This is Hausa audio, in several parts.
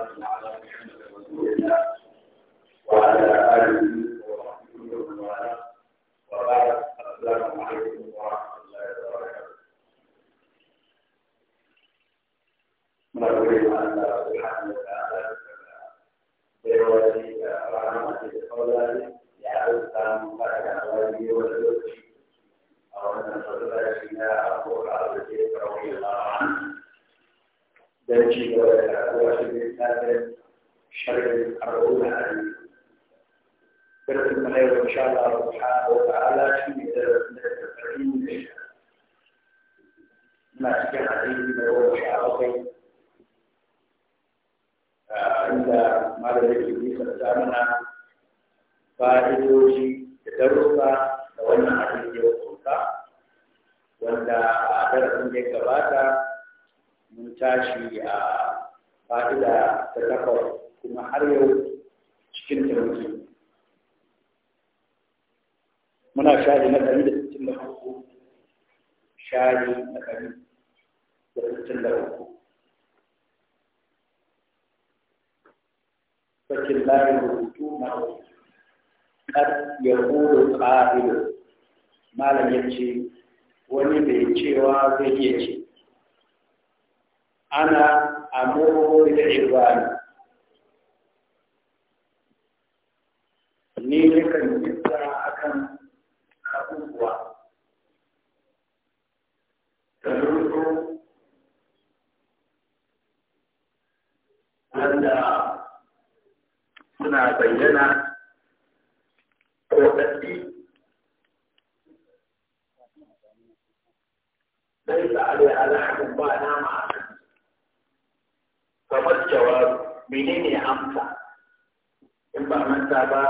وعلى آله that cewa zai iya ci ana amuru da ibani ni ne kan jinta akan abubuwa da rufu wanda suna bayyana ليس عليها لحم با نام kamar jawab menene amsa in ba manta ba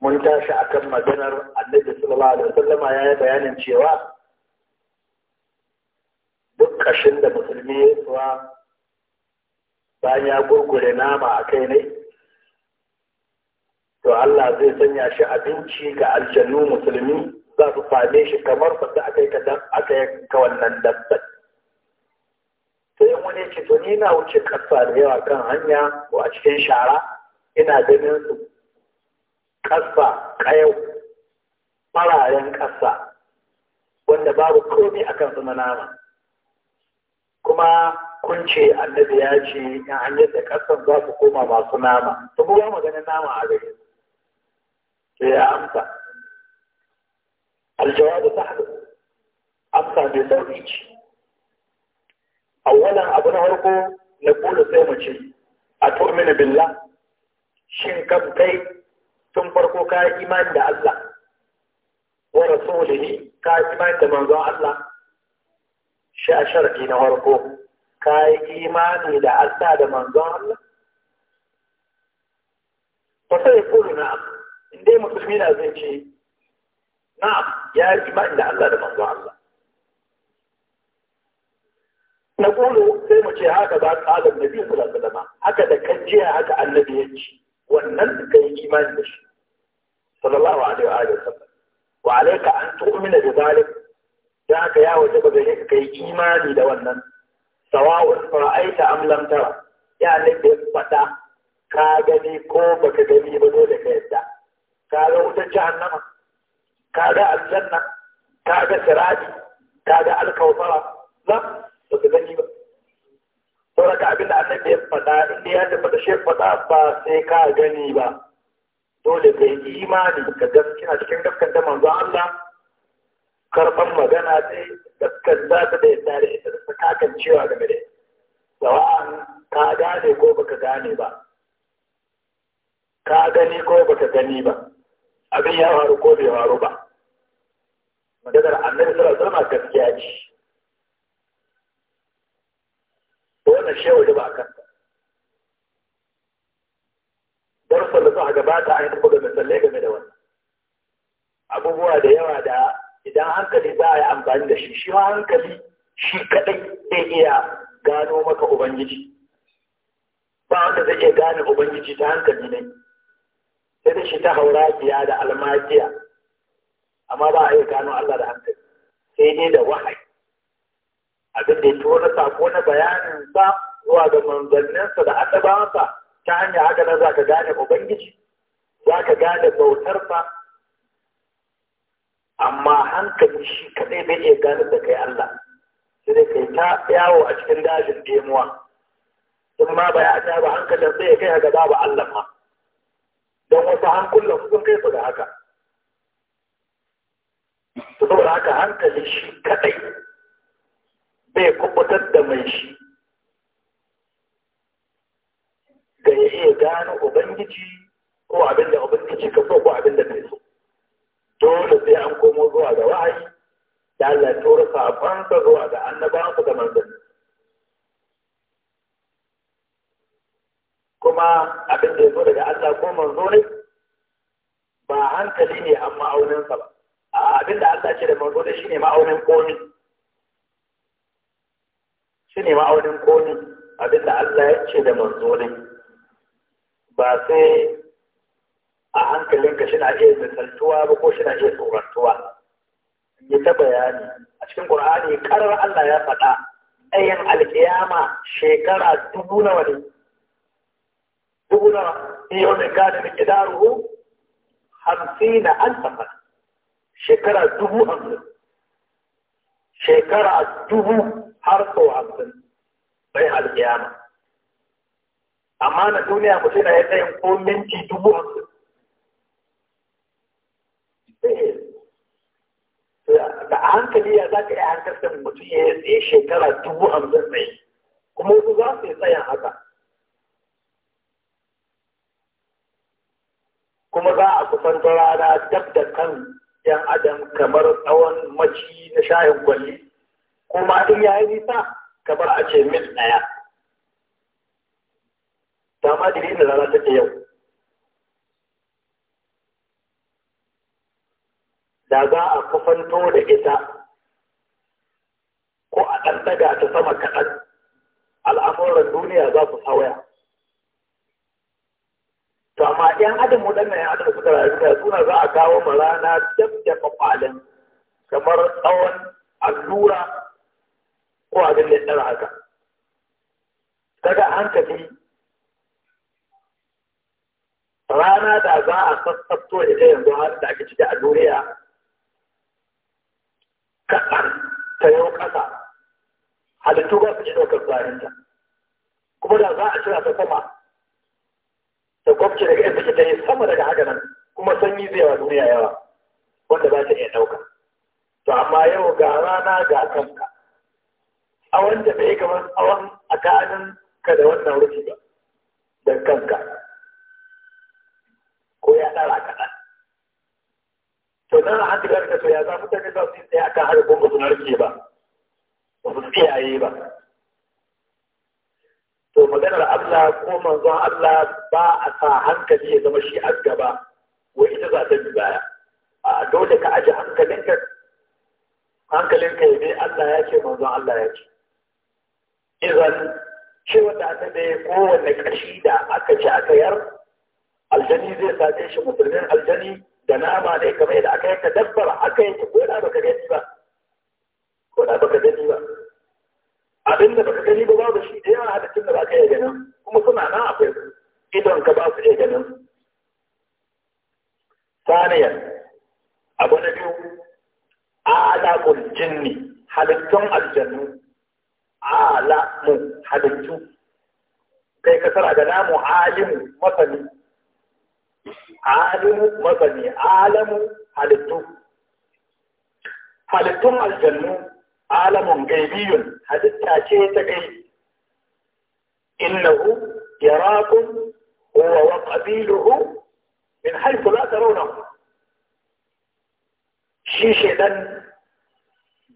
mun tashi akan maganar annabi sallallahu alaihi wasallama ya yi bayanin cewa duk kashin da musulmi ya tsuwa bayan ya gurgure nama a kai ne to Allah zai sanya shi abinci ga aljannu musulmi za su same shi kamar wanda aka yi kadan aka ka wannan dabbar sai wani ce to ni na wuce kasa da yawa kan hanya ko a cikin shara ina ganin su kasa kayau fararen kasa wanda babu komi akan su na nama kuma kun ce annabi ya ce in an yadda kasan za su koma masu nama su buwa maganin nama a gare bai sarfi ce awalan abu na farko na kula sai mu ce a tu'minu billah shin kan kai tun farko ka imani da Allah wa rasulihi ka imani da manzon Allah shi a sharadi na harko, ka imani da Allah da manzon Allah fa sai kulu na in dai musulmi na zai ce na'am ya imani da Allah da manzon Allah na Kulu, sai mu ce haka ba tsalar nabi sallallahu alaihi haka da kan jiya haka annabi ya ci wannan ka yi imani da shi sallallahu alaihi wa alihi wa alayka an tu'mina bi zalik da haka ya wajaba gare ka yi imani da wannan sawa'un ra'aita am lam tara ya ne da fada ka gani ko baka gani ba dole ka yadda ka ga wutar jahannama ka ga aljanna ka ga sirati ka ga ba su gani ba saboda ka abin da annabi ya faɗa inda ya tafi da shi faɗa ba sai ka gani ba dole ka yi imani ka gaskiya cikin gaskanta manzon Allah karɓar magana sai gaskanta ta da yadda da ita da kakan cewa game da sawa'an ka gane ko baka gane ba ka gani ko baka gani ba abin ya faru ko bai faru ba maganar annabi sallallahu alaihi wasallam gaskiya ce wannan shewa da ba a kanta sallu da a gabata an yi ga misalai game da wannan abubuwa da yawa da idan hankali za a yi amfani da shi shi hankali shi kaɗai zai iya gano maka ubangiji ba wanda zai iya gane ubangiji ta hankali ne sai da shi ta haura biya da almajiya amma ba a iya gano Allah da hankali sai dai da wahayi abin da ya wani sako na bayaninsa zuwa ga manzanninsa da annabawansa ta hanyar haka nan za ka gane ubangiji za ka gane bautarsa amma hankali shi kaɗai bai iya gane da kai Allah sai dai kai ta yawo a cikin dajin demuwa in ma ba ya ta ba hankalin sai ya kai ga babu Allah ma don wasu hankulan sun kai su da haka saboda haka hankali shi kaɗai bai kubutar da mai shi ga ya iya gano ubangiji ko abin da ubangiji ka so ko abin da bai so dole sai an komo zuwa ga wahayi da Allah ya tura sabansa zuwa ga annabawansa da manzanni kuma abin da ya zo daga Allah ko manzo ne ba hankali ne aunin ma'auninsa ba abin da Allah ce da manzo da shine ma'aunin komi shine ne ma'aunin koli abin da Allah ya ce da manzoni ba sai a hankalin ka na iya misaltuwa ba ko shi na iya tsorantuwa yi ta bayani a cikin qur'ani karar Allah ya faɗa ayyan alƙiyama shekara dubu nawa ne dubu nawa in yau mai da ƙidaruhu hamsin na an shekara dubu hamsin shekara dubu har sau hamsin bai alƙiyama amma na duniya mutum na ya tsayin ko minti dubu hamsin da a hankali ya za ka iya hankalta mutum ya yi tsaye shekara dubu hamsin tsaye kuma wasu za su yi tsayin haka kuma za a kusan rana dab da kan yan adam kamar tsawon maci na shayin gwalli Kuma in ya yi nisa kamar a ce mil ɗaya ta ma diri da rana take yau da za a kufanto da ita ko a ɗan daga ta sama kaɗan al'amuran duniya za su sauya. to amma ɗan adam waɗannan yan adam suka rayu da suna za a kawo ma rana dab da kwakwalin kamar tsawon allura ko abin da ya haka kaga an tafi rana da za a sassabto ta yanzu har da ake ciki a duniya kaɗan ta yau ƙasa halittu ba su ji ɗaukar zarinta kuma da za a cira ta sama ta gwamce daga yadda ta yi sama daga haka nan kuma sanyi zai wa duniya yawa wanda za ta iya ɗauka to amma yau ga rana ga kanka A da bai kamar awon a kanin ka da wannan rufi ba da kanka ko ya ɗara kaɗan to nan a hankali da so ya za mutane za su yi tsaye akan harkar ba su narke ba ba su kiyaye ba to maganar Allah ko manzon Allah ba a sa hankali ya zama shi a gaba wai ita za ta bi baya a dole ka aje hankalinka hankalinka ya bi Allah ya ce manzon Allah ya ce izan shi wanda aka da ya kowanne kashi da aka ci aka yar aljani zai sace shi musulmin aljani da nama ne kamar yadda aka yanka dabbar aka yanka ko da baka gani ba ko da baka gani ba abin da baka gani ba babu shi da yawa halittun da baka yi ganin kuma suna nan akwai idon ka ba su iya ganin Saniyar, abu na biyu a alaƙul jinni halittun aljannu ala mu halittu kai kasar da namu alimu masani alimu masani alamu halittu halittun aljannu alamun gaibiyun halitta ce ta gai innahu yarakum huwa wa qabiluhu min haythu la tarawnahu shi shedan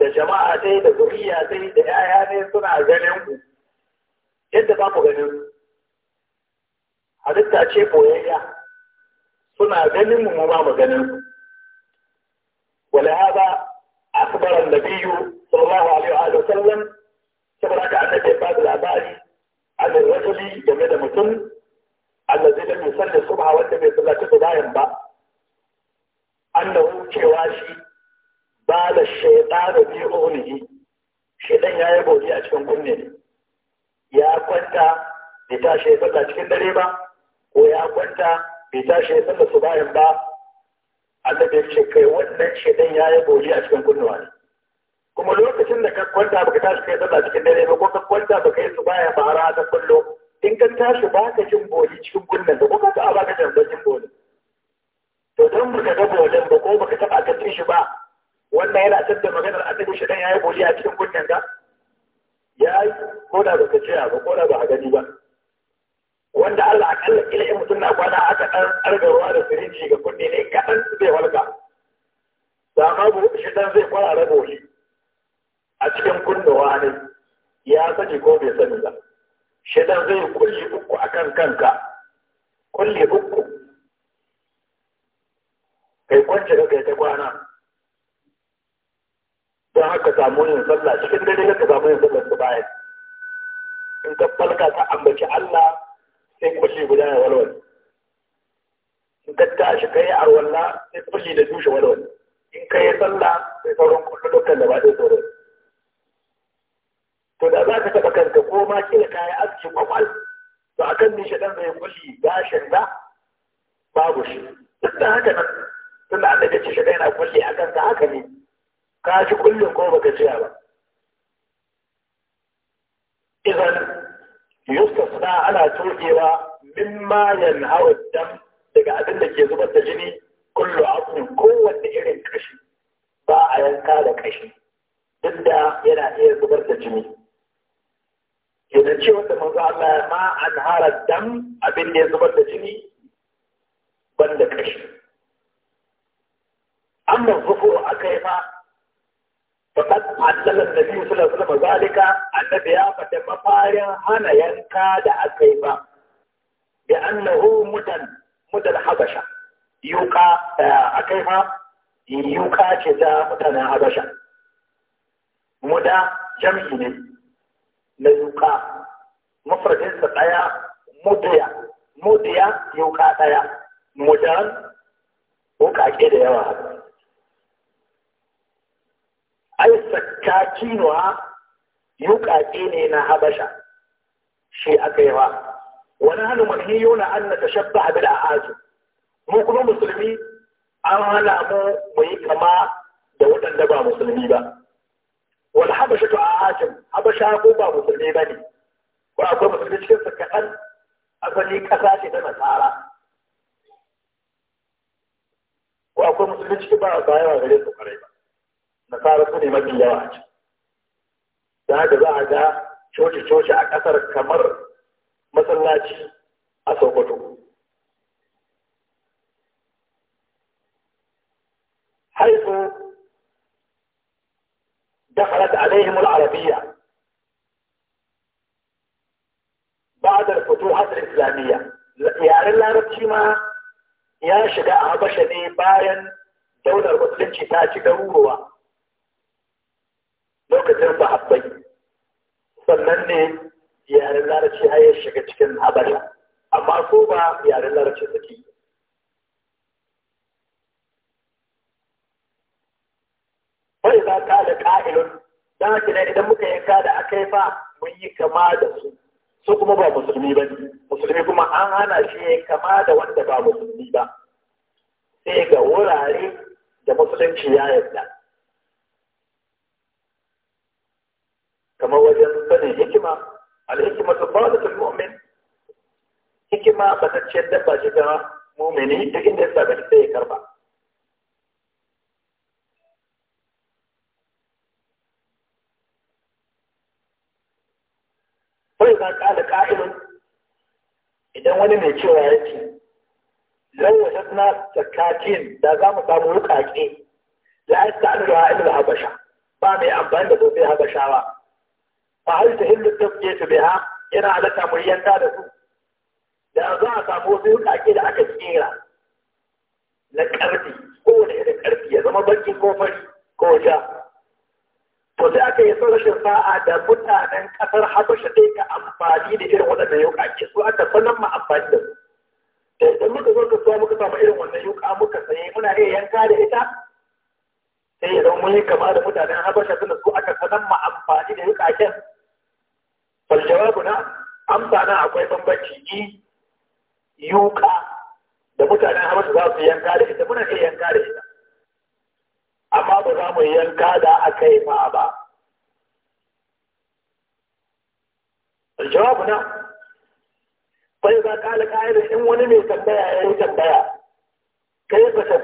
da jama'a dai da zuriya dai da 'ya'ya ne suna ganin ku yadda ba mu ganin su halitta ce boyayya suna ganin mu mu ba mu ganin su ولهذا أخبر النبي صلى الله عليه وآله وسلم saboda annabi ba da labari an rajuli game da mutum allazi da musalli subha wanda bai sallata da bayan ba annahu cewa shi ba da shaidanu bi unihi shaidan ya yi bori a cikin kunne ya kwanta bai tashi ya sallah cikin dare ba ko ya kwanta bai tashi ya tsalla su bayan ba Allah ya ce kai wannan shaidan ya yi bori a cikin kunnuwa ne kuma lokacin da ka kwanta baka tashi kai sallah cikin dare ba ko ka kwanta baka yi su bayan ba har ta kullo in ka tashi ba ka jin boli cikin kunne da ko ka ba ka jin boli to don baka ga bolin ba ko baka taba ka shi ba wannan yana tattar maganar annabi shi dan yayi boli a cikin kunnen ka yi ko da baka ce ba ko da ba a gani ba wanda Allah akalla kila in mutum na kwana aka dan arga ruwa da sirinji ga kunne ne kadan zai walka da ma bu shi dan zai kwana da boli a cikin kunnuwa ne ya sani ko bai sani ba shi dan zai kulli uku akan kanka kulli uku kai kwance da kai ta kwana don haka samu yin sallah cikin dare ka samu yin sallah su bayan in ka falka ka ambaci Allah sai kulli guda ya walwal in ka tashi kai arwalla sai kulli da dushe walwal in ka yi sallah sai sauran kullu dukkan da ba zai tsoro to da za ka taɓa kanka ko ma kila ka yi aski kwakwal to kan ni ɗan zai kulli gashin da babu shi duk da haka nan tunda an daga ce shaɗan na kulli akan ta haka ne ka ji kullum ko baka ciya ba idan Yusuf na ana min mimma yanhawa dam daga abin da ke zubar da jini kullu abun kowanne irin kashi ba a yanka da kashi duk da yana iya zubar da jini kenan ce wanda manzo Allah ma an hara dam abin da ya zubar da jini banda kashi amma zufuru akai ma فقد علم النبي صلى الله عليه وسلم ذلك النبي يا فتى مفارع هنا ينكاد أكيبا بأنه مدن مدن حبشة يوكا أكيبا يوكا كذا مدن حبشة مدى جميل na yuka mafradinsa ɗaya mudiya mudiya yuka ɗaya mudan wukake da yawa haka ai sattakinuha yuƙaƙe ne na habasha shi aka yi wa wani hannu manhiyuna an na tashabba bil a'azu mu kuma musulmi an hana mu mai kama da waɗanda ba musulmi ba Wani habasha to a a'ajim habasha ko ba musulmi ba ne ko akwai musulmi cikin su kaɗan asali ƙasa ce ta nasara ko akwai musulmi cikin ba a bayan gare su ƙwarai ba nasara su ne mafi yawa a ciki da haka za a ga coci-coci a ƙasar kamar masallaci a sokoto haifu دخلت عليهم العربية بعد الفتوحات الإسلامية يعني العربي ما يا شجاع بشري باين دولة المسلمين تاتي ضرورة lokacin sahabbai sannan ne yaren larabci har ya shiga cikin habasha amma ko ba yaren larabci suke yi za ka da ƙa'ilun don haka ne idan muka yanka da yi fa mun yi kama da su su kuma ba musulmi ba ne musulmi kuma an hana shi ya yi kama da wanda ba musulmi ba sai ga wurare da musulunci ya yarda kuma wajen sanin hikima al-hikima ta fadatul mu'min hikima ba ta ce ba shi ta mu'mini duk inda ya same ta sai ya karba sai ka kala ka'ilun idan wani mai cewa ya ce lau wajadna takatin da za mu samu wuƙaƙe la yasta'malu ha'il habasha ba mai amfani da sosai habashawa fa hindu ta fiye hillu tasqiyatu ha, yana halatta mu yanka da su da za a samu wasu wukake da aka kera na karfi kowane irin karfi ya zama banki ko fari ko ja to sai aka yi rashin sa'a da mutanen kasar habasha sai ka amfani da irin waɗannan yukake su aka sanar ma amfani da su da idan muka zo ka suwa muka samu irin wannan yuka muka saye muna iya yanka da ita sai ya zama mun yi kama da mutanen habasha suna su aka sanar ma amfani da yukaken waljawabu na amsa na akwai bambanci yuka da mutanen hamasa za su yanka da ita muna yanka da ita amma ba za mu yanka da aka yi ma ba waljawabu na bai za ka alƙa'ida in wani mai tambaya ya yi tambaya kai ba ta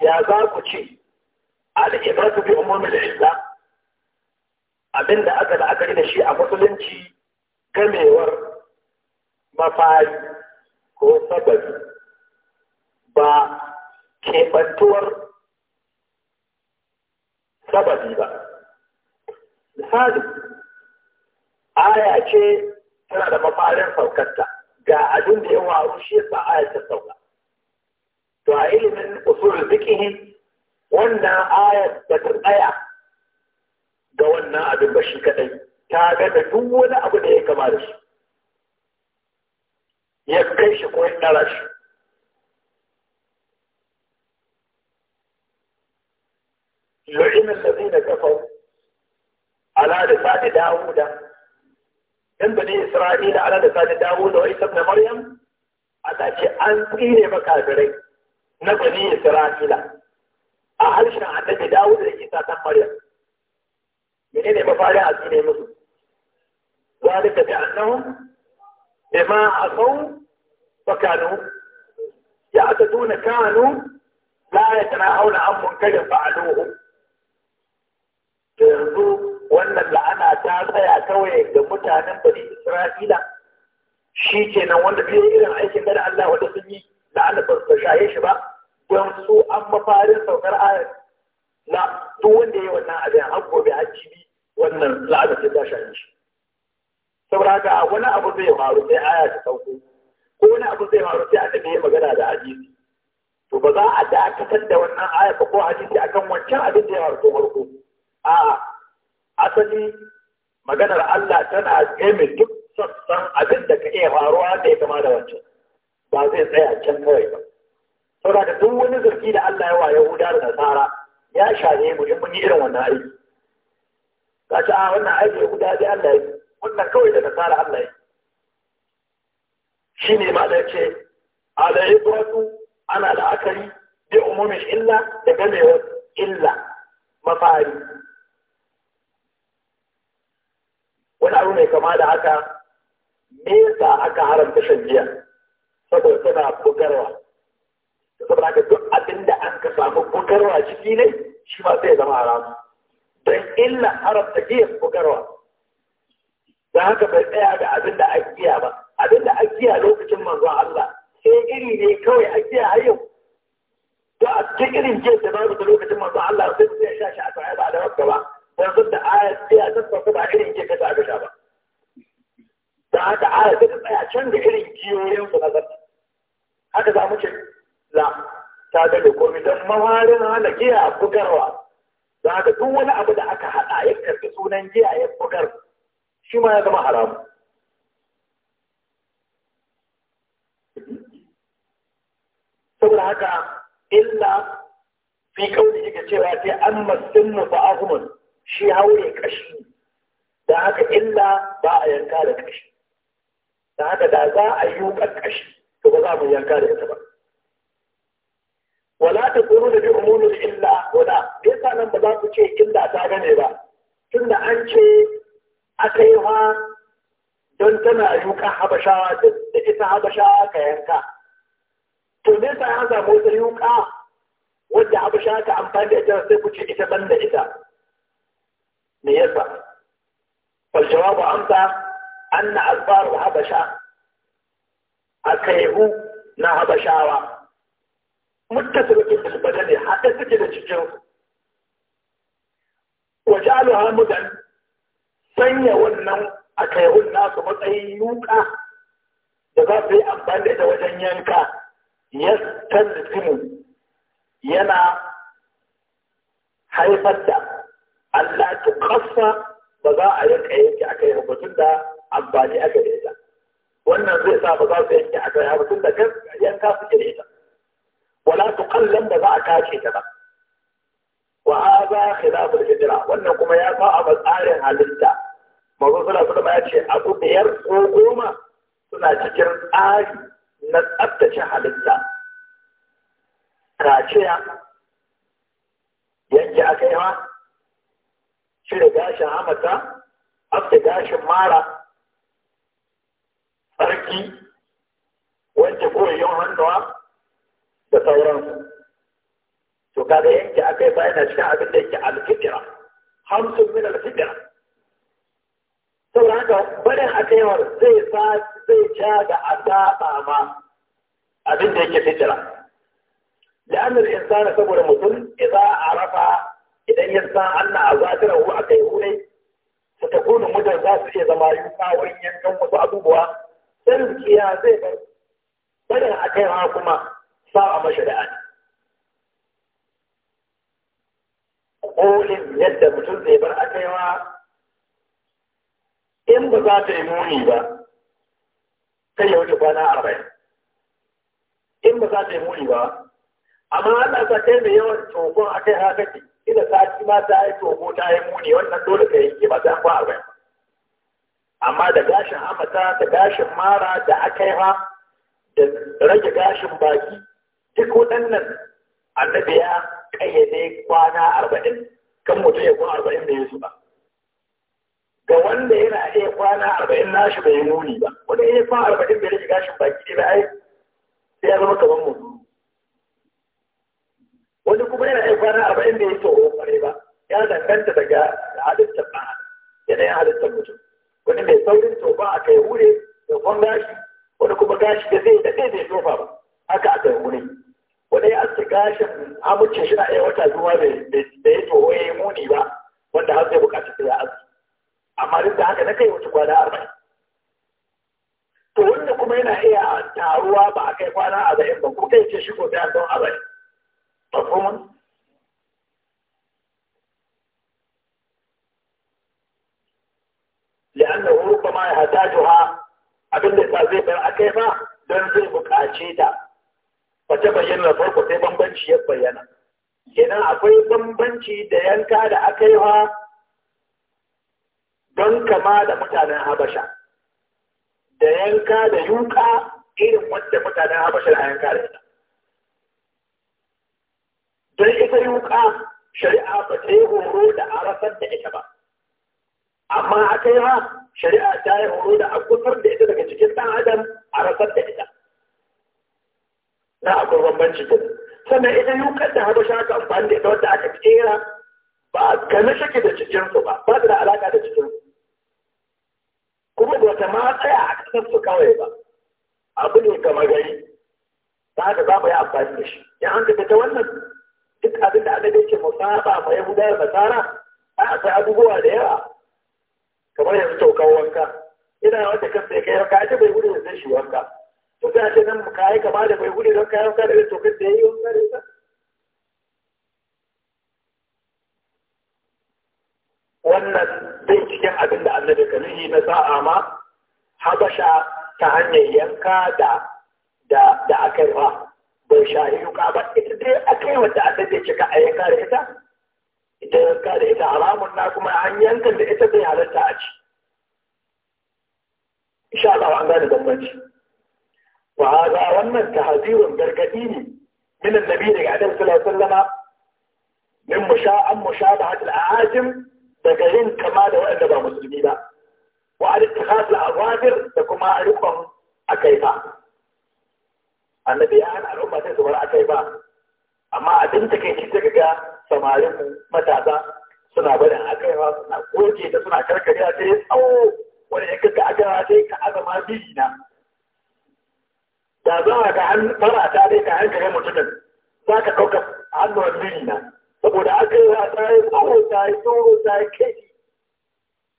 ya za ku ce al'ibatu bi umumin da abin da aka la'akari da shi a musulunci gamewar mafari ko sababi ba keɓantuwar sababi ba misali aya ce tana da mafarin saukarta ga abin da yawa waru shi yasa aya ta sauka to a ilimin usul zikihin wannan aya da ta tsaya ga wannan abin ba shi kadai ta ga da duk wani abu da ya kama da shi ya kai shi ko ya ɗara shi da الذين كفروا على لسان داوود in bani isra'ila ala da sani dawo da wa isa na maryam a ce an tsire makafirai na bani isra'ila a harshen annabi dawo da isa ta maryam ne mafarin a tsine musu zalika bi annahum bima asaw wa kanu na kanu tana yatanahawna an munkarin fa'aluhu Da yanzu wannan la'ana ta tsaya kawai ga mutanen bari Isra'ila shi nan wanda bai irin aikin da Allah wanda sun yi la'ana ba su shaye shi ba don su an mafarin saukar ayar na duk wanda ya yi wannan abin an gobe har jibi wannan la'ada sai ta shafi shi saboda haka wani abu zai faru sai aya ta sauko ko wani abu zai faru sai annabi ya magana da hadisi to ba za a dakatar da wannan aya ba ko hadisi akan wancan abin da ya faru to farko a asali maganar Allah tana tsaye duk sassan abin da ka iya faruwa da ya kama da wancan ba zai tsaya can kawai ba saboda duk wani zargi da Allah ya wa Yahuda da Nasara ya shaye mu in mun yi irin wannan aiki ka a wannan aiki guda dai Allah yi wannan kawai da nasara Allah yi shi ne ma da ce alaikwatu ana la'akari bi umumin illa da gamewar illa mafari wani abu mai kama da haka me yasa aka haramta shan giya saboda tana bugarwa saboda duk abin da an ka samu bugarwa ciki ne shi ma sai zama haramu don illa haramta iya bugarwa da haka bai tsaya da abin da ajiya ba abin da ajiya lokacin manzon Allah sai iri ne kawai ajiya har yau to a cikin irin jiya da babu da lokacin manzon Allah sai ya sha shi a tsaya ba da wata ba dan sun da aya sai a tsaka ba irin jiya da aka sha ba da haka aya sai ta tsaya can da irin jiyoyin su nazar haka za mu ce la ta da komai dan mawarin hana a bugarwa da duk wani abu da aka haɗa ya karɓi sunan jiya ya bugar shi ma ya zama haramu saboda haka illa fi kauli yake cewa sai an masinnu fa ahmun shi haure kashi da haka illa ba a yanka da kashi da haka da za a yi wuƙar kashi to ba za mu yanka da ita ba wala ta kuru da umulul illa wala yasa nan ba za su ce inda a ta gane ba tunda an ce aka yi ma don tana yuka habashawa da ita habashawa ka yanka to me yasa ya samu wata yuka wadda habashawa ka amfani da ita sai ku ce ita ban da ita me yasa jawabu amsa فالجواب أمتى أن أذبار هبشة da نا هبشاوة متسبة بالبدن حتى تجد الجنس wa ja'aluha sanya wannan akayun nasu matsayin yuka da za su yi amfani da ita wajen yanka yastanzimu yana haifar da Allah ta kasa ba za a yanka yanke aka yi rubutun da amfani aka da wannan zai sa ba za su da yanka wala ba za a kace ta ba ba khilaful hijira wannan kuma ya fa a tsarin halitta manzo suna alaihi ma ya ce abu biyar ko goma suna cikin tsari na tsaftace halitta kaciya yanke akayawa, cire gashin hamata afta gashin mara tsarki wanke koyayyun hannuwa da sauransu to kaga yanke akai ba yana cikin abin da yake alfikira hamsin min alfitira saboda haka barin akaiwar zai sa zai ca da asaba ma abin da yake da لأن insana saboda mutum إذا arafa idan ya san Allah a hu a kai hure su ta kone mutan za su iya zama yi kawon yankan wasu abubuwa sai rikiya zai bar barin a kai ha kuma sa a mashari'a kolin yadda mutum zai bar akaiwa in ba za ta yi muni ba kai ya wuce kwana arba'in in ba za ta yi muni ba amma da aka kai mai yawan tokon akai haka ki ina sati ma ta yi togo ta yi muni wannan dole ka yanke ba ta kwana arba'in amma da gashin amata da gashin mara da akaiwa da rage gashin baki duk waɗannan annabi ya kayyade kwana arba'in kan mutum ya kwana arba'in da yesu ba ga wanda yana iya kwana arba'in nashi bai nuni ba wanda iya kwana arba'in bai shiga gashin baki ne ai sai ya zama kamar mu wani kuma yana iya kwana arba'in da ya tsoro kware ba ya danganta daga halittar ɗan yanayin halittar mutum wani mai saurin tofa a kai hure da kwan gashi wani kuma gashi da zai da zai tofa ba haka a kai hure wanda ya ci gashin amince shi na ɗaya wata zuwa da ya toho ya yi muni ba wanda har zai bukaci sai ya aske amma duk da haka na kai wata kwana arba'in to wanda kuma yana iya taruwa ba a kai kwana arba'in ba ko kai ce shi ko sai an zama arba'in ba kuma لأنه ربما يحتاجها abin da zai bar akai ba don zai buƙace ta wace bayyana farko sai bambanci ya bayyana Kenan akwai bambanci da yanka da aka yi don kama da mutanen habasha da yanka da yuka irin wanda mutanen habasha a yanka da ita don ita yuka shari'a ba ta yi horo da arasar da ita ba amma aka yi shari'a ta yi horo da a da ita daga cikin ɗan adam a rasar da ita za a kuma bambanci ko sannan ita yukar da haɗu ka amfani da ita aka kera ba a na shake da cikinsu ba ba da alaƙa da cikinsu kuma da wata ma tsaya a kasar su kawai ba abu ne kamar gari ta haka za mu yi amfani da shi Ya hanga da ta wannan duk abin da dace, yake saba ma yahuda da nasara a abubuwa da yawa kamar yanzu taukar wanka ina wata kan ya kai wanka ita bai gudu da zai shi wanka to kana ce nan ka yi kama da mai gudu don kayan ka daga tokar da ya yi wani kare sa wannan zai cikin abin da annabi ka na sa'a ma habasha ta hanyar yanka da da da aka yi wa bai shahi yuka ba ita dai aka yi wadda annabi ya cika a yanka da ita ita yanka da ita haramun na kuma an yankan da ita zai halatta a ci. Insha Allah an gane bambanci. وهذا wannan tahzirun gargadi ne min annabi daga adam sallallahu alaihi wasallama min musha'an mushabahat al-aajim daga yin kama da waɗanda ba musulmi ba wa al-ittikhaz al-awadir da kuma rukun akaifa annabi ya hana al'umma sai su bar akaifa amma abin da kai ta ga samarin matasa suna barin akaifa suna goge da suna karkariya sai tsawo wani ya kaga akaifa sai ka azama biri na da za ka an fara ta dai ka hanka kai mutumin za ka ɗauka hannuwan mini na saboda aka yi wata ya tsoro ta yi tsoro ta yi kai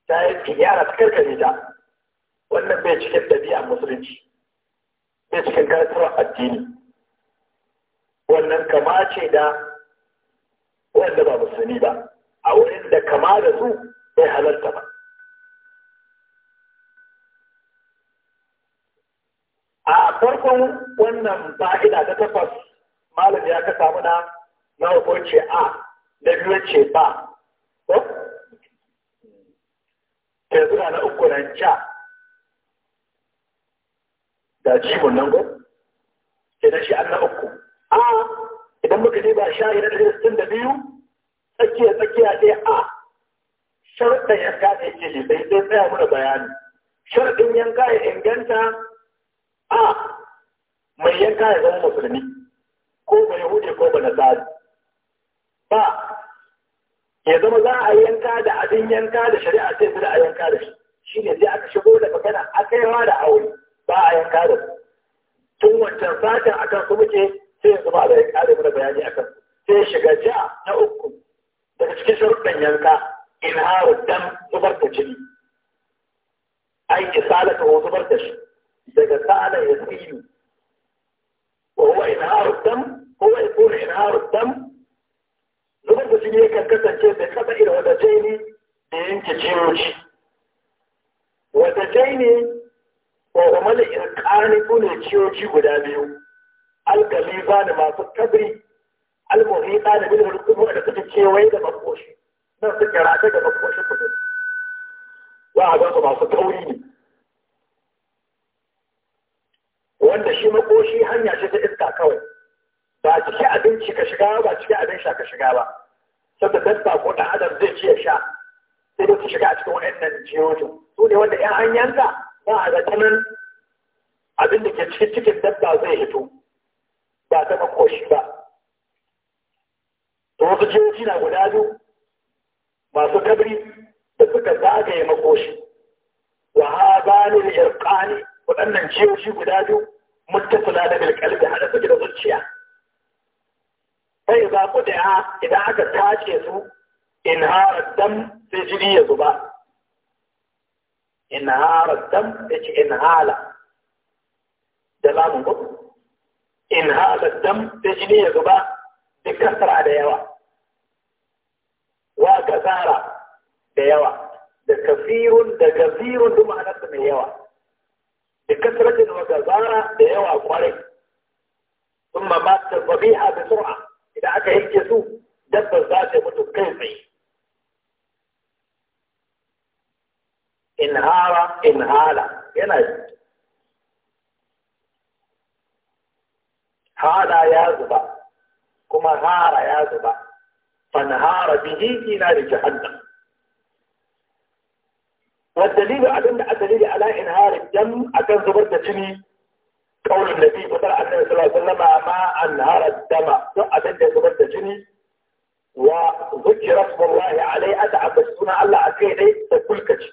ta yi kiyara ta karkare ta wannan bai cikin ɗabi'a musulunci bai cikin karatuwar addini wannan kama ce da wanda ba musulmi ba a wurin da kama da su bai halarta ba a farkon wannan fa'ida ta takwas malam ya kasa samu na uku ce a da biyu ce ba ta zuwa na uku nan ca da ciwon nan go ke da shi an na uku a idan muka ji ba shayi na ɗari sun da biyu tsakiya tsakiya ɗaya a sharɗin yanka ne ke ne bai tsaya mana bayani sharɗin yanka ya inganta a ah! mai yanka ya zama musulmi ko ba yahudi ko ba nasari ba ya zama za a yanka da abin yanka da shari'a sai su da a yanka da shi shi ne sai aka shigo da magana a kaiwa da aure ba a yanka da su tun wancan satin akan su muke sai yanzu ba da ya kare mana bayani akan sai shiga ja na uku daga cikin sharuɗan yanka in haru dan zubar da jini ai isalata ko zubar da shi daga sa'ala ya silu kowa ina harustan dam ya tsoro ina dam zubar da jini yakan kasance da kasa ina wata jaini da yanke jiyoyi wata jaini wa umar irkani kuna ciyoci guda biyu alkalifa da masu kabri almuhita da bilin rukunmu da suke kewaye da makoshi nan suke rata da makoshi kudu za a su masu tauri ne wanda shi makoshi hanya ce ta iska kawai ba ciki abinci ka shiga ba ciki abin sha ka shiga ba saboda dabba ko dan adam zai ci ya sha sai dai su shiga a cikin waɗannan jiyoyin su ne wanda ƴan hanyarsa ba a tanan abin da ke cikin cikin dabba zai hito ba ta makoshi ba to wasu jiyoti na guda biyu masu kabri da suka zagaye makoshi wa ha ba ni da irƙani waɗannan jiyoti guda biyu muttasila da bilkalbi a su da zuciya sai za ku da idan aka tace su in harar dam sai jini ya zuba in harar dam ya ci in hala da lamun ku? in halar dam sai jini ya zuba da kasara da yawa wa kasara da yawa da kafirun da gazirun duk ma'anarsa mai yawa da kasratin da yawa kwarai thumma matat dhabiha da sur'a idan aka yanke su dabbar za ta mutu kai tsaye inhara inhala yana hala ya zuba kuma hara ya zuba fanhara bihi ila jahannam addalilu abin da addalilu ala inhari dan akan zubar da jini kaulin nabi fadar annabi sallallahu alaihi wasallam ma anhara dama duk abin da zubar da jini wa zikra rasulullahi alai ata abasuna Allah akai dai da kulkaci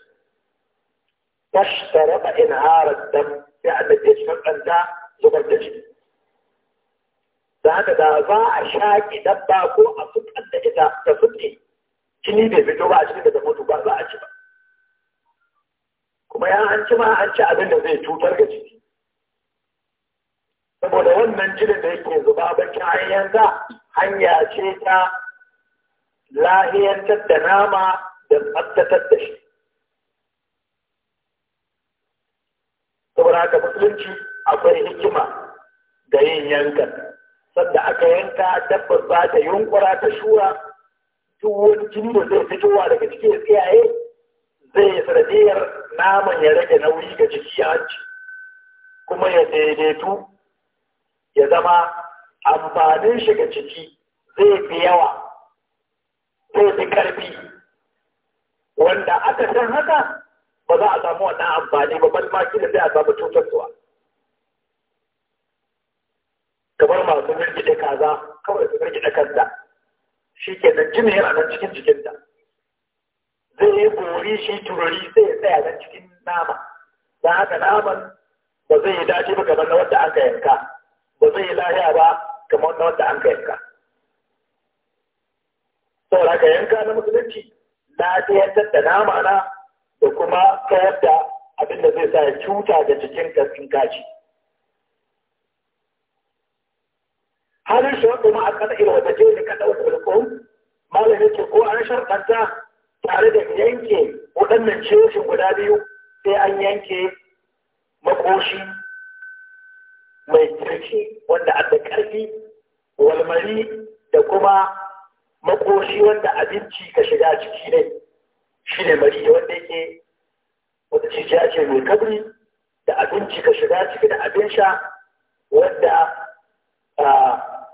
tashtaraba inhara dam sai annabi ya shakanta zubar da jini da haka za a shaƙi dabba ko a fukar ita jini ba a cikin da ta ba za a kuma ya an ma an ci abin da zai cutar ga ciki saboda wannan jinin da yake zuba bakin hanyar da hanya ce ta lahiyantar da nama da tsaftatar da shi saboda haka musulunci akwai hikima da yin yankan sadda aka yanka dabbar ba ta yunkura ta shura duk wani jini da zai fitowa daga cikin tsiyaye zai yi sanadiyar naman ya rage nauyi ga jiki a hanci kuma ya daidaitu ya zama amfanin shi ga jiki zai fi yawa zai fi karfi wanda aka san haka ba za a samu wannan amfani ba ban maki da sai a samu cutarwa kamar masu mirgide kaza kawai su mirgide kanta shi ke nan jini yana nan cikin jikinta zai yi kori shi tururi sai ya tsaya nan cikin nama da haka naman ba zai yi dace ba kamar na wanda an ka yanka ba zai yi lahiya ba kamar na wanda an ka yanka saboda ka yanka na musulunci na tsayantar da nama na da kuma kayar da abin da zai sa ya cuta da cikin kafin kaci halin shi wanda ma a kana irin wata ne ka ɗaukar ko malamin ke ko an sharɗanta tare da yanke waɗannan ceshin guda biyu sai an yanke makoshi mai kirki wanda a da ƙarfi walmari da kuma makoshi wanda abinci ka shiga ciki ne shi ne mari wanda yake wata cijiya ce mai kabri da abinci ka shiga ciki da abin sha wanda ah,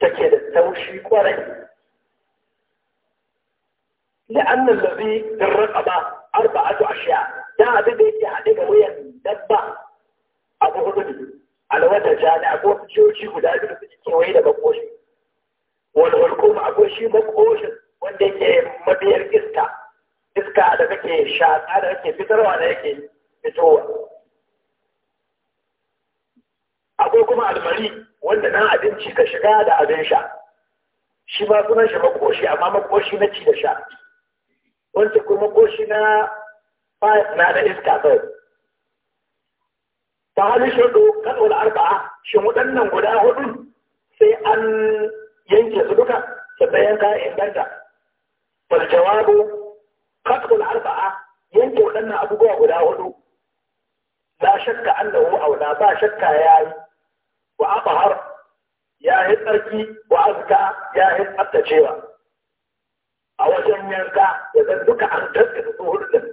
take da taushi kwarai لأن الذي في الرقبة أربعة أشياء a بده يحدد وين دبا أبو هدد على وجه جالع أبو جوشي ولا يبدو في الكوي ده بقوش والحكومة أبو شي بقوش wanda yake mabiyar iska iska da kake shaƙa da kake fitarwa da yake fitowa akwai kuma albari wanda nan abinci ka shiga da abin sha shi ba sunan shi makoshi amma makoshi na ci da sha wancan kuma ko shi na na da iska kawai ta hali shudu wala arba'a shi waɗannan guda hudu sai an yanke su duka bayan ka inganta fal jawabu kadwal arba'a yanke waɗannan abubuwa guda hudu la shakka annahu aula ba shakka yayi wa abhar ya yi tsarki wa azka ya yi tsaftacewa kayan yanka ya zan duka an tattara tsohon din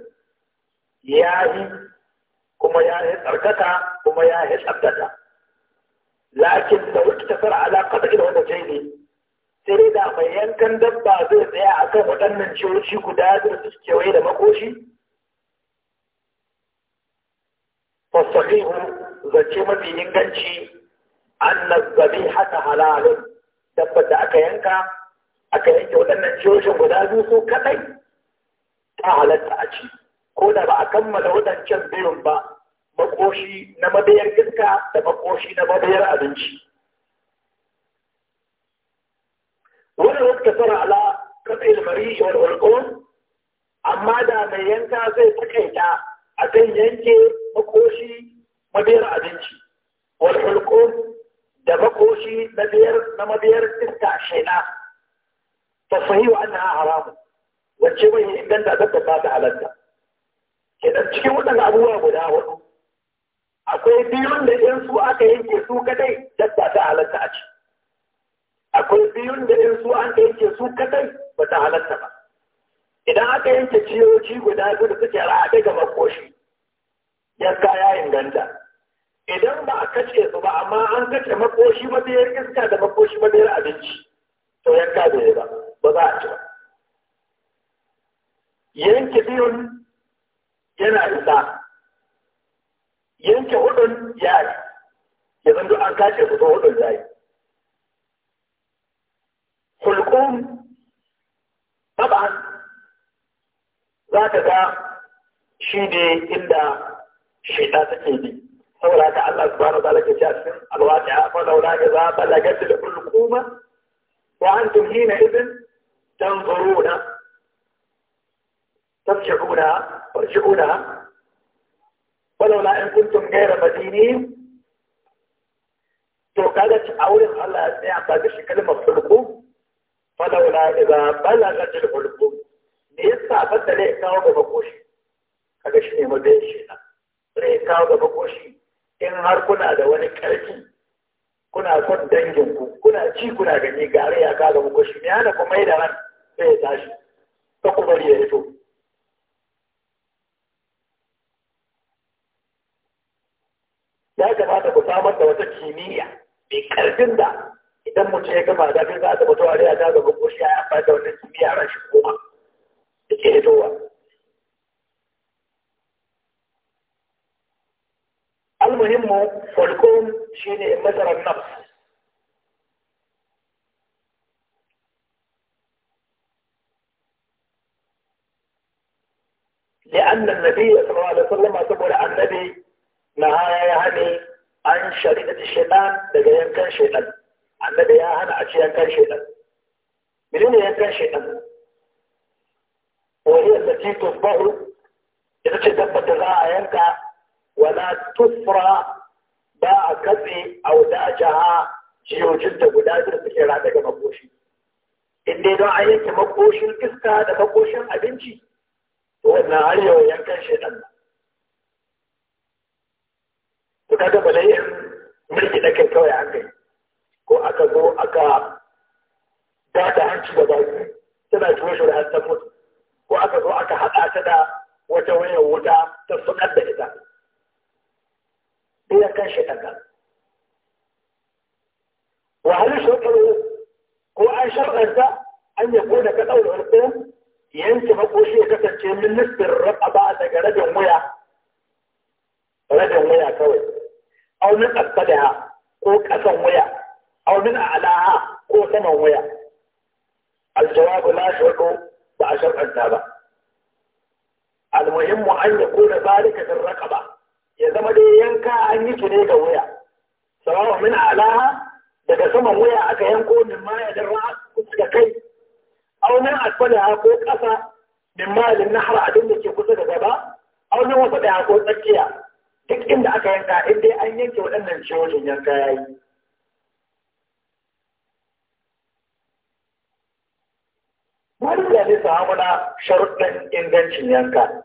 ya yi kuma ya yi tsarkaka kuma ya yi tsabtata lakin da wuce ta fara alaƙa da ita wanda sai ne sai da mai yankan dabba zai tsaya a kan waɗannan ciwoci guda da su kewaye da makoshi fasahihu zace mafi inganci an nazzabi hata halalun dabbar da aka yanka aka yanke waɗannan joshin guda biyu su kaɗai ta halatta a ci ko da ba a kammala waɗancan biyun ba makoshi na mabayar iska da makoshi na mabayar abinci wannan wata tara ala kasa ilmari wal ulqum amma da mai yanka zai takaita a kan yanke makoshi mabayar abinci wal ulqum da makoshi na mabiyar iska shaina فالصحيح أنها حرام والشبه إذن لا تتفاد على الناس idan cikin wadannan abubuwa guda hudu akwai biyun da in su aka yanke su kadai dabba ta halatta a ci akwai biyun da in su an yanke su kadai ba ta halatta ba idan aka yanke ciyoci guda biyu da suke ra'aɗe ga makoshi ya ya inganta idan ba a kace su ba amma an kace makoshi mabiyar iska da makoshi mabiyar abinci to kada ya ba ba za a ci ba yanke biyun yana isa yanke hudun ya yi ya zanto an kace fito hudun ya yi hulkun taban za ka ga shi ne inda ta take bi saboda Ta Allah subhanahu wa ta'ala ke a cikin alwaqi'a fa laula ka za balagati da ba? وأنتم حينئذ تنظرون ترجعونها ارجعونها ولولا إن كنتم غير مدينين to kaga ci auren Allah ya tsaya ba da shi kalmar fulku falaula idza balagat al fulku me yasa banda ne kawo gaba koshi kaga shi ne mabiyan shi na sai kawo gaba koshi in har kuna da wani karfi kuna son dangin ku kuna ci kuna gani gare ya kaga muku shi me hana ku mai da ran sai ya tashi ta ku bari ya fito ya kamata ku samar da wata kimiyya mai karfin da idan mutum ya gama da za ta mutuwa ya kaga muku shi ya amfani da wata kimiyya rashin shi koma da ke fitowa مهمه والكون شيء مثلا النفس لأن النبي صلى الله عليه وسلم يقول عن النبي نهاية يعني عن شريدة الشيطان لقى يمكن شيطان عن النبي يهان عشي يمكن شيطان منين يمكن شيطان وهي التي تصبح إذا تدبت ذا يمكن wala tufra ba a katse a wata jaha jiyojin da guda biyu suke rada ga makoshi in dai don an yanke makoshin iska da makoshin abinci to wannan har yau yankan shaidan nan to kaga mulki da kawai an gai ko aka zo aka ba da hanci da baki da hantar ko aka zo aka haɗa ta da wata wayar wuta ta sukar da ita إذا كان شيء أقل وهل يشرك هو أن شرق هذا أن يكون كدول القوم ينتم أقوشي كتبتين من نسب الرب أبعادك رجل ميا رجل ميا كوي أو من أقبلها أو كثم ميا أو من أعلاها أو ثمم ويا. الجواب لا شرك وأشرق هذا المهم أن يكون ذلك في الرقبة ya zama da yanka an yi su ne ga waya, sawawa min alaha daga saman wuya aka yanko min ma ya darra kusa da kai aw min ha ko ƙasa min ma lin nahra abin da ke kusa da gaba aw min wasa da ko tsakiya duk inda aka yanka in dai an yanke waɗannan ciwon yanka yayi wani ne samu na sharuɗin ingancin yanka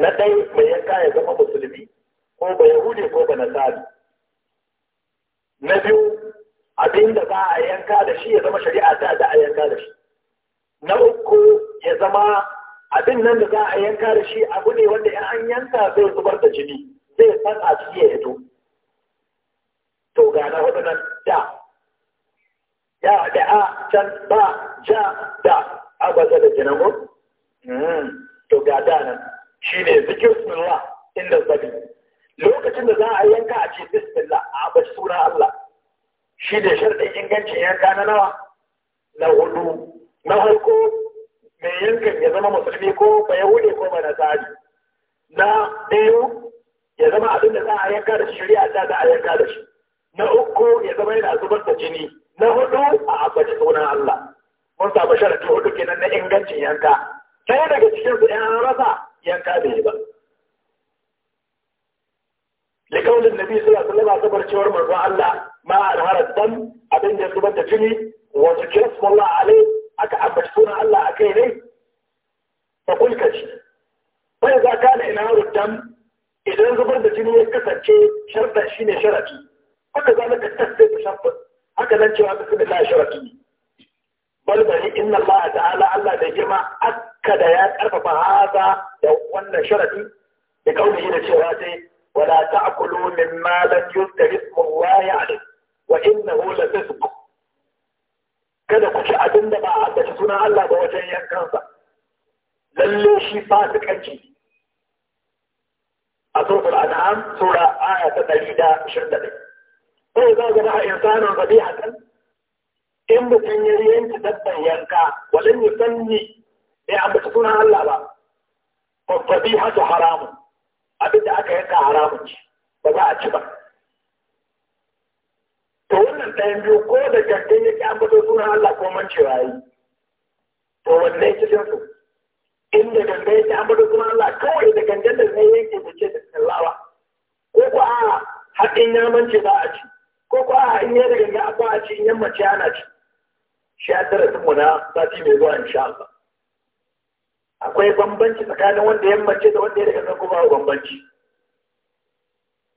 na ɗai mai yanka ya zama musulmi ko ba yahudi ko ba nasari na biyu abin da za a yanka da shi ya zama shari'a ta da a yanka da shi na uku ya zama abin nan da za a yanka da shi abu ne wanda in an yanka zai zubar da jini zai san a ciki ya hito to ga na hudu nan da ya da a can ba ja da abaza da jinamu hmm. to ga da nan shi ne zikirullah inda zabi lokacin da za a yanka a ce bismillah a ba sura Allah shi da sharɗin ingancin yanka na nawa na hudu na farko mai yankan ya zama musulmi ko ba yahudi ko ba na tsari. na biyu ya zama abin da za a yanka da shari'a ta za a yanka da shi na uku ya zama yana zubar da jini na hudu a abaci sunan Allah mun samu sharadi hudu kenan na ingancin yanka sai daga cikin su ɗan rasa ya kame ba likaulin nabi sallallahu alaihi wasallam sabar cewar manzo Allah ma alharar dan abin da zubar da jini wa zikra sallallahu alaihi aka ambaci sunan Allah kai ne fa kulka shi ka na ina harar dan idan zubar da jini ya kasance sharta ne sharafi haka zalika tasdiq shartu haka nan cewa da sharafi bal bari inna Allah ta'ala Allah da jima akkada ya karfafa hada da wannan sharadi da kauli da cewa sai wala ta'kulu mimma lam yuzkar ismu Allah alayhi wa innahu la fisq kada ku ci abin da ba a ambaci sunan Allah ba wajen yankansa lalle shi fasikanci a suratul an'am sura aya ta 121 sai za ga ba insanan zabihatan in mutum ya yanki dabban yanka walan ya sanni ya eh, ambata sunan Allah ba faffabi hatu haramun abin da aka yanka haramun ce ba za a ci ba to wannan ɗayan biyu ko da gangan yake ambata sunan Allah ko cewa yi to wanne ya cikin su inda gangan yake ambata sunan Allah kawai da gangan da zai yanke da ce da sallawa ko ko a haɗin ya mance ba a ci ko ko a in yi da gangan a ba a ci in yammace ana ci shi a darasin mu na sati mai zuwa insha Allah akwai bambanci tsakanin wanda ya mace da wanda ya daga kan kuma bambanci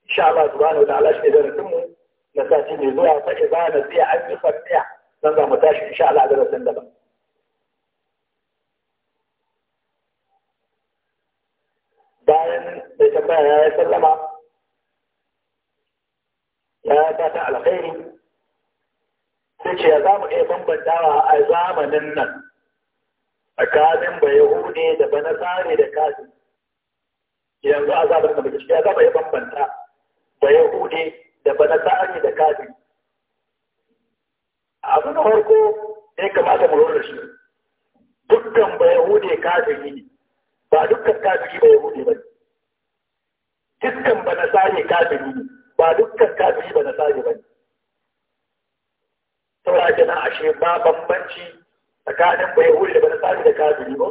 insha Allah subhanahu wa ta'ala shi darasin mu na sati mai zuwa fa idza nasiya an yusabiya dan za mu tashi insha Allah darasin daban bayan da tambaya ya sallama ya fata alkhairi sai ce za mu iya bambantawa a zamanin nan kamin ba Yahudi da ba Nasare da kafin yanzu a zamanin nan gaskiya za mu iya bambanta ba Yahudi da ba Nasare da kafin abu na farko ya kamata mu lura shi dukkan ba Yahudi kafiri ne ba dukkan yi ba Yahudi ba dukkan ba Nasare kafiri ne ba dukkan yi ba Nasare ba ne saboda kenan ashe ba bambanci tsakanin bai hure da sami da kafiri ba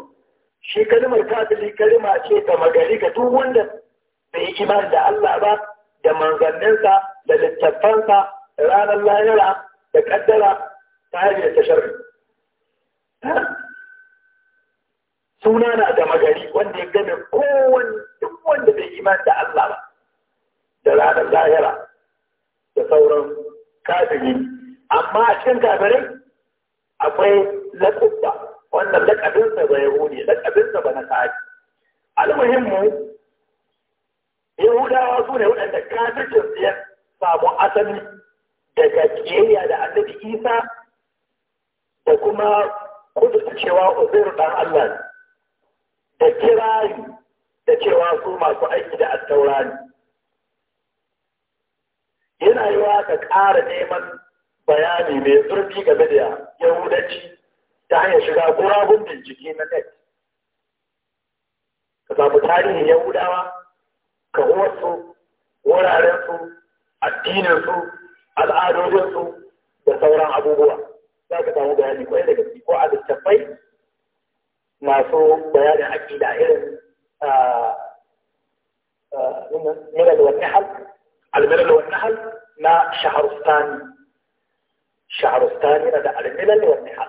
shi kalmar kafiri kalma ce ta magari ga duk wanda bai imani da Allah ba da manzanninsa da littattafansa ranar lahira da kaddara ta hanyar ta sharri suna na da magari wanda ya gane kowane duk wanda bai imani da Allah ba da ranar lahira da sauran kafiri amma a cikin kafirin akwai lakubba wannan laƙabinsa ba yahudi laƙabinsa ba na sa'adi almuhimmu yahudawa su ne waɗanda kafircin ya samu asali daga kiyayya da annabi isa da kuma kudu cewa uzair dan allah ne da kirari da cewa su masu aiki da attaurani yana yi wa ka ƙara neman bayani mai zurfi game da yahudaci ta hanyar shiga guragun bincike na net ka samu tarihin yahudawa ka wasu wurarensu addininsu al'adodinsu da sauran abubuwa za ka samu bayani kwaye daga gaske ko a littattafai masu bayanin aƙida irin milal wa nahal na shaharustani shaharustani da almilal wani ha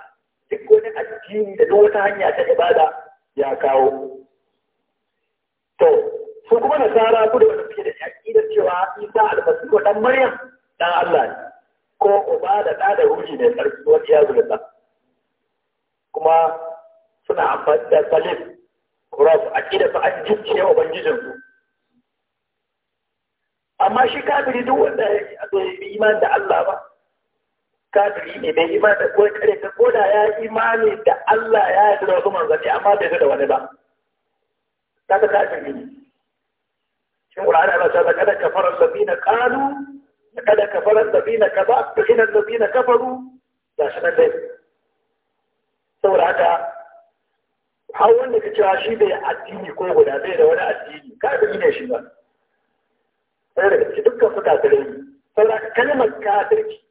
duk wani addini da wata hanya ta ibada ya kawo to su kuma nasara ku da wanda suke da cewa Isa al ko wa dan Maryam dan Allah ne ko uba da da da ruji ne sarki wani ya zulata kuma suna amfani da salif kuras aqidar su an jicce wa su amma shi kafiri duk wanda ya yi imani da Allah ba kafiri ne bai imani da ko kare ta ko da ya imani da Allah ya yi da wasu manzanni amma bai da wani ba kaga kafiri ne shin Qur'ani Allah ta kada kafara sabina qalu da kafara sabina kaza tuhina sabina kafaru da shi dai saboda haka har wanda ka cewa shi bai addini ko guda bai da wani addini kafiri ne shi ba sai da cikin dukkan su kafirai saboda kalmar kafirci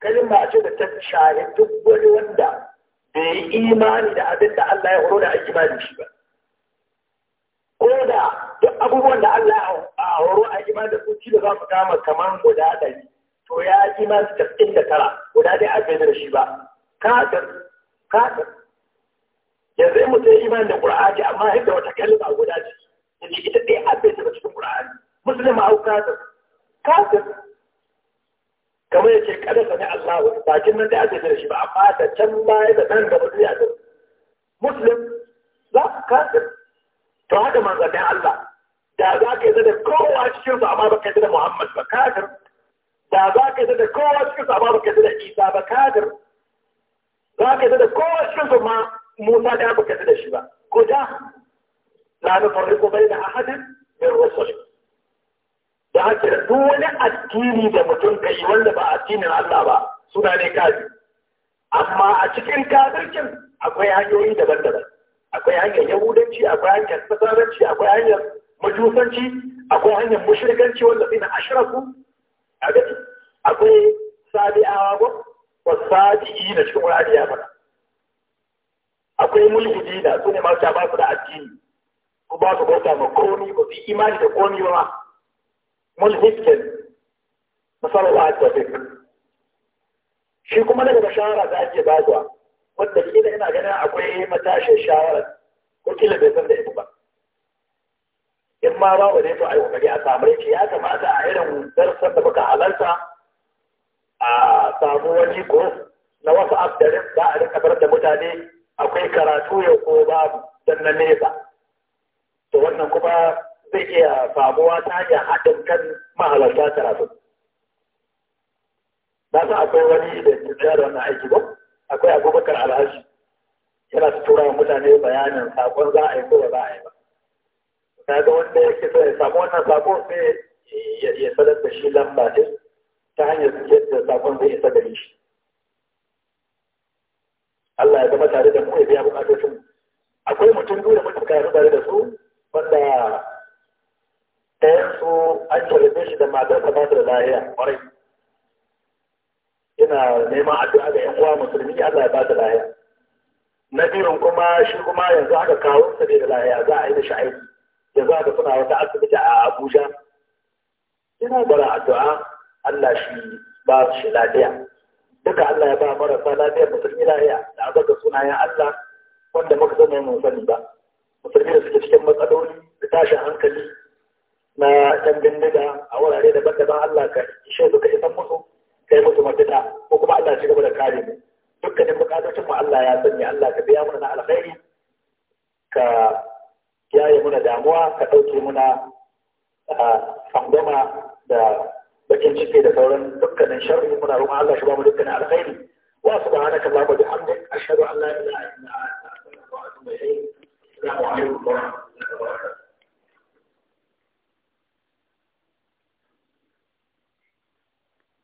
kalma ce da ta shaye duk wani wanda bai yi imani da abin da Allah ya horo da aiki ba da shi ba ko da duk abubuwan da Allah ya horo a imani da su ci da za su kama kamar guda ɗari to ya yi imani tafkin da tara guda dai aka yi da shi ba kafir kafir yanzu in mutum ya imani da ƙur'ani amma yadda wata kalma guda ce ita ɗaya abin da cikin ƙur'ani musulma au kafir kafir kamar yace kada ne Allah bakin nan da ake da shi ba amma da can baya da nan gaba duniya da muslim za ka to haka manzannin Allah da za ka yi da kowa cikin su amma baka yi da Muhammad ba kafir da za ka yi da kowa cikin su amma baka yi da Isa ba kafir za ka yi da kowa cikin su ma Musa da baka yi da shi ba ko da la nufarriqu baina ahadin min rusuli da haka duk wani addini da mutum ka yi wanda ba addinin Allah ba suna ne kafi amma a cikin kafircin akwai hanyoyi daban-daban akwai hanyar yahudanci akwai hanyar nasaranci akwai hanyar majusanci akwai hanyar mushrikanci wanda suna ashraku a gaji akwai sabi'awa ba wa sabi'i na cikin wurare ya faɗa akwai mulhidi da su ne masu ba su da addini ko ba su bauta ma komi ba su imani da komi ba mulhid ke nasar Allah fi shi kuma daga bashara da ake bazuwa wanda kila ina ganin akwai matashin shawara ko kila bai san da ita ba in ma ba wa to ai kokari a samu rai ya kamata a irin darsan da baka halarta a samu wani group na wasu abdarin za a rika bar da mutane akwai karatu ya ko babu nesa to wannan kuma zai iya samuwa ta hanyar haɗin kan mahalarta karatu. Na su akwai wani da ta da wannan aiki ba, akwai abubakar alhaji yana su tura mutane bayanin sakon za a yi ko ba za a yi ba. Ta ga wanda yake so ya samu wannan sakon sai ya sadar da shi lamba ce ta hanyar yadda sakon zai isa gari shi. Allah ya zama tare da mu ya biya bukatocin. Akwai mutum biyu da mutum kayan tare da su wanda Ta su an talibe shi da matar ta da lahiya ƙwarai yana neman addu'a da 'yan uwa musulmi Allah ya ba ta lahiya na biyun kuma shi kuma yanzu aka kawo sa da lahiya za a yi da shi aiki yanzu aka suna wata asibiti a Abuja yana bara addu'a Allah shi ba shi lafiya duka Allah ya ba marasa lafiya musulmi lahiya da abaka sunayen Allah wanda muka sani mun sani ba musulmi da suke cikin matsaloli da tashin hankali na ɗan bindiga a wurare da bata daban Allah ka ishe su ka isan musu kai musu mafita ko kuma Allah ci gaba da kare mu dukkanin bukatocin mu Allah ya sanya Allah ka biya mana na alkhairi ka kiyaye muna damuwa ka ɗauke muna tsangwama da bakin ciki da sauran dukkanin sharri muna roƙon Allah shi ba mu dukkanin alkhairi wa subhanaka allahumma bihamdik ashhadu an la ilaha illa anta astaghfiruka wa atubu ilayk assalamu alaikum wa rahmatullahi wa barakatuh